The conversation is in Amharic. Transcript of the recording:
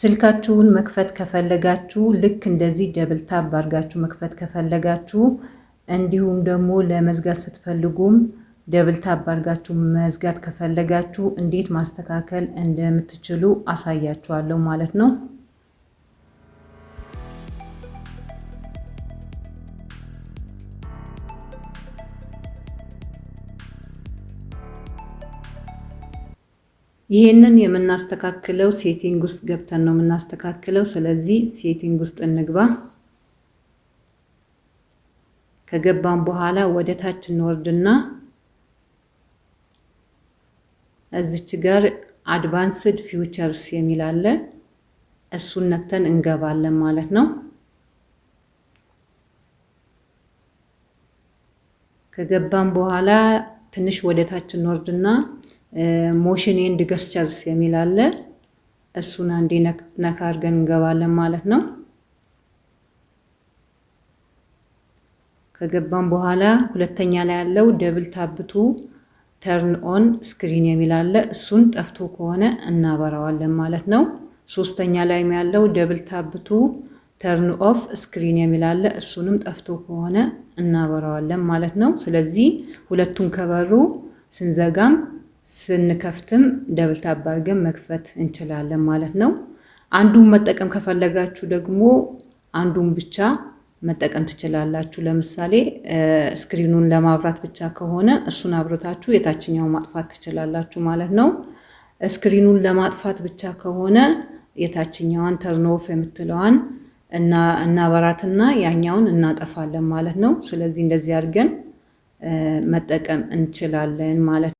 ስልካችሁን መክፈት ከፈለጋችሁ ልክ እንደዚህ ደብል ታብ አድርጋችሁ መክፈት ከፈለጋችሁ እንዲሁም ደግሞ ለመዝጋት ስትፈልጉም ደብል ታብ አድርጋችሁ መዝጋት ከፈለጋችሁ እንዴት ማስተካከል እንደምትችሉ አሳያችኋለሁ ማለት ነው። ይሄንን የምናስተካክለው ሴቲንግ ውስጥ ገብተን ነው የምናስተካክለው። ስለዚህ ሴቲንግ ውስጥ እንግባ። ከገባን በኋላ ወደ ታች እንወርድና እዚች ጋር አድቫንስድ ፊውቸርስ የሚል አለ። እሱን ነክተን እንገባለን ማለት ነው። ከገባን በኋላ ትንሽ ወደ ታች እንወርድና ሞሽን ኤንድ ገስቸርስ የሚል አለ። እሱን አንዴ ነካ አድርገን እንገባለን ማለት ነው። ከገባም በኋላ ሁለተኛ ላይ ያለው ደብል ታብቱ ተርን ኦን ስክሪን የሚል አለ። እሱን ጠፍቶ ከሆነ እናበራዋለን ማለት ነው። ሶስተኛ ላይም ያለው ደብል ታብቱ ተርን ኦፍ ስክሪን የሚል አለ። እሱንም ጠፍቶ ከሆነ እናበራዋለን ማለት ነው። ስለዚህ ሁለቱን ከበሩ ስንዘጋም ስንከፍትም ደብል ታፕ አድርገን መክፈት እንችላለን ማለት ነው። አንዱን መጠቀም ከፈለጋችሁ ደግሞ አንዱን ብቻ መጠቀም ትችላላችሁ። ለምሳሌ ስክሪኑን ለማብራት ብቻ ከሆነ እሱን አብረታችሁ የታችኛውን ማጥፋት ትችላላችሁ ማለት ነው። ስክሪኑን ለማጥፋት ብቻ ከሆነ የታችኛዋን ተርኖፍ የምትለዋን እናበራትና ያኛውን እናጠፋለን ማለት ነው። ስለዚህ እንደዚህ አድርገን መጠቀም እንችላለን ማለት ነው።